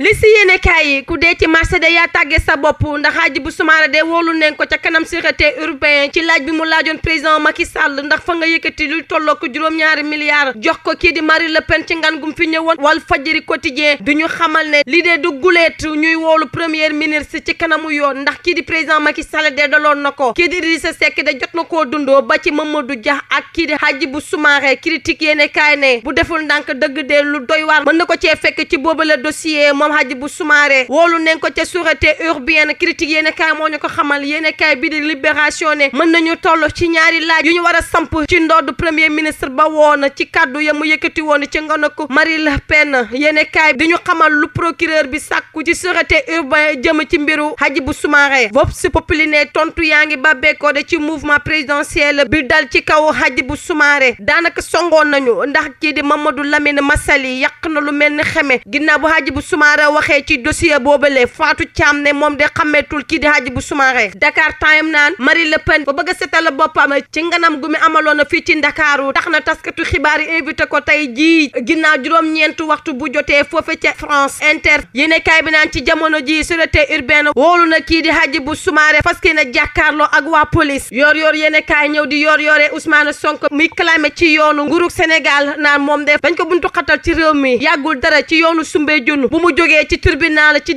li si yéene kaay yi ku dee ci marché de yaa tàggee sa bopp ndax Hadjibou Soumaré de woolu neen ko ca kanam sûreté européen ci laaj bi mu laajoon président Macky Sall ndax fa nga yëkkati lu tolloo ko juróom-ñaari milliards jox ko kii di Marie Le Pen ci ngan gum fi ñëwoon Walf Fadjri quotidien du ñu xamal ne li de du guleet ñuy woolu première ministre ci kanamu yoon ndax kii di président Macky Sall de daloon na ko kii di Idrissa Seck de jot na koo dundoo ba ci Mamadou Dia ak kii di Hadjibou Soumaré critique yéene kaay ne bu deful ndànk dëgg de doy waar mën na ko cee fekk ci boobu la dossier moom moom Hadji bu Soumaré woolu nañ ko ca sûreté urbaine critique yéen kaay moo ñu ko xamal yéen kaay bi di libération ne mën nañu toll ci ñaari laaj yu ñu war a samp ci ndodd premier ministre ba woon ci kàddu ya mu yëkkati woon ci nganako Marie Le Pen yéen kaay di ñu xamal lu procureur bi sàkku ci sûreté urbaine jëm ci mbiru xaj bu Soumaré bopp si populi ne tontu yaa ngi bàbbeekoo de ci mouvement présidentiel bi dal ci kaw Hadji bu Soumaré daanaka songoon nañu ndax kii di Mamadou war a waxee ci dossier boobale Fatou Thiam ne moom de xàmmeetul kii di Hadjibou Soumaré Dakar Time naan Marie Le Pen ba bëgg a setal boppam ci nganam gu mi amaloon fii ci Ndakaaru tax na taskatu xibaar yi invité ko tey jii ginnaaw juróom ñeenti waxtu bu jotee foofe ca France Inter yéene kaay bi naan ci jamono ji sûreté urbaine wóolu na kii di Hadjibou Soumaré parce que na jàkkaarloo ak waa police yoor yoor yéene kaay ñëw di yoor yooree Ousmane Sonko muy clamé ci yoonu nguurug Sénégal naan moom de dañ ko buntu xatal ci réew mi yàggul dara ci yoonu Soumbédioune joge ci tribunal ci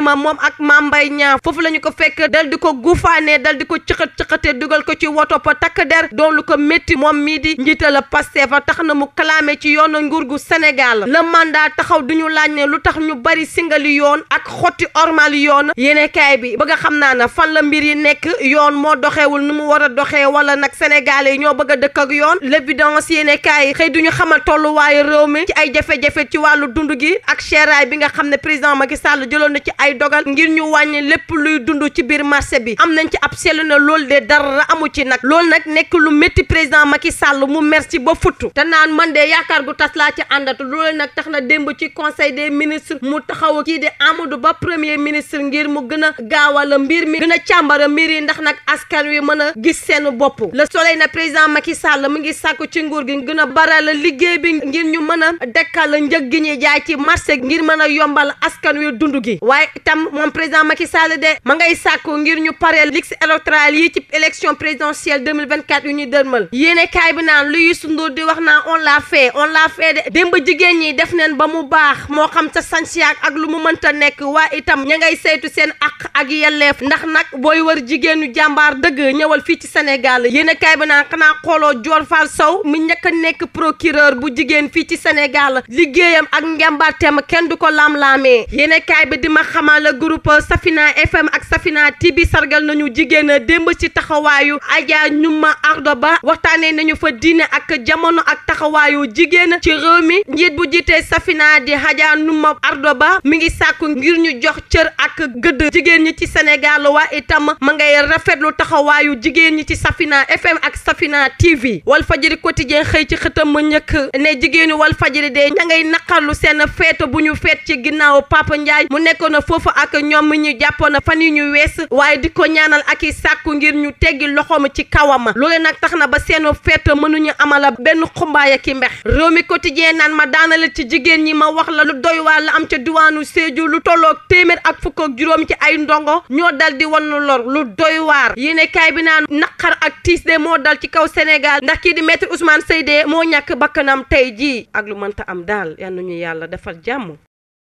ma mom ak mambay Mbaye fofu lañu ko fekk dal di ko guufaane dal di ko cëxat cëxate dugal ko ci woto pa tak der doon lu ko métti mom mi di njiital passé fa taxna mu clamé ci yoonu nguur gu Sénégal le mandat taxaw duñu lañné ne lu tax ñu bari singali yoon ak xoti ormal yoon yene kay bi bëgg xamna na fan la mbir yi nekk yoon mo doxewul nu mu wara doxé wala nak Sénégal yi ñoo bëgg dëkk ak yoon l'évidence yene kay xëy duñu xamal tollu way réew mi ci ay jafe-jafe ci walu dundu gi ak xéraay bi nga xam ne président Macky Sall jëloon na ci ay dogal ngir ñu wàññi lépp luy dund ci biir marché bi am nañ ci ab seetlu na lool de dara amu ci nag loolu nag nekk lu métti président Macky Sall mu merci ba futtu te naan man de yaakaar gu tas laa ci àndatu lool nag tax na démb ci conseil des ministre mu taxaw kii de Amadou Ba premier ministre ngir mu gën a gaawal mbir mi gën a mbir yi ndax nag askan wi mën a gis seen bopp la soleil na président Macky Sall mu ngi sàkku ci nguur gi gën a baral liggéey bi ngir ñu mën a dekkal njëg gi ci marché ngir mën a yomb yombal askan wi dundu gi waaye itam moom président Macky Sall de ma ngay sakku ngir ñu paré lix électoral yi ci élection présidentielle 2024 yu ñuy Yenekai yéene kaay bi naan lu di wax na on l'a fait on l'a fait de démb jigéen ñi def neen ba mu baax mo xam ca sanciak ak lu mu mënta nek itam ña ngay saytu seen ak ak yelleef ndax nak boy war jigenu jambar deug ñewal fi ci Sénégal yene kay bi naan xana xolo jor fal saw mi njëkk nek procureur bu jigéen fi ci Sénégal liggéeyam ak kenn lam kàllaamee yéene kaay bi di ma xamal la groupe Safina FM ak Safina TV sargal nañu jigéen démb ci taxawaayu Adja Ñuma Ardo Ba waxtaanee nañu fa diine ak jamono ak taxawaayu jigéen ci réew mi njiit bu jiitee Safina di Adja Ñuma Ardo Ba mi ngi sàkku ngir ñu jox cër ak gëdd jigéen ñi ci Sénégal waa itam ma ngay rafetlu taxawaayu jigéen ñi ci Safina FM ak Safina TV Walfadjri quotidien xëy ci xëtam ma njëkk ne jigéenu Walfadjri de ña ngay naqarlu seen feetu bu ñu feet ci naaw Papa Ndiaye mu nekkoon foofa ak ñoom ñu jàppoon fan yu ñu wees waaye di ko ñaanal ak i sàkku ngir ñu teggi loxoom ci kawam loolee nag tax na ba seenu feet mënuñu amala benn xumbaaya ki mbex réew mi quotidien naan ma daanale ci jigéen ñi ma wax la lu doy la am ca diwaanu Sédhiou lu tollook téeméer ak fukk ak juróom ci ay ndongo ñoo dal di wan lor lu doy waar yéene kaay bi naan naqar ak tiis de moo dal ci kaw Sénégal ndax kii di maître Ousmane Seye moo ñàkk bakkanam tey jii ak lu mënta am daal na ñu yàlla defal jàmm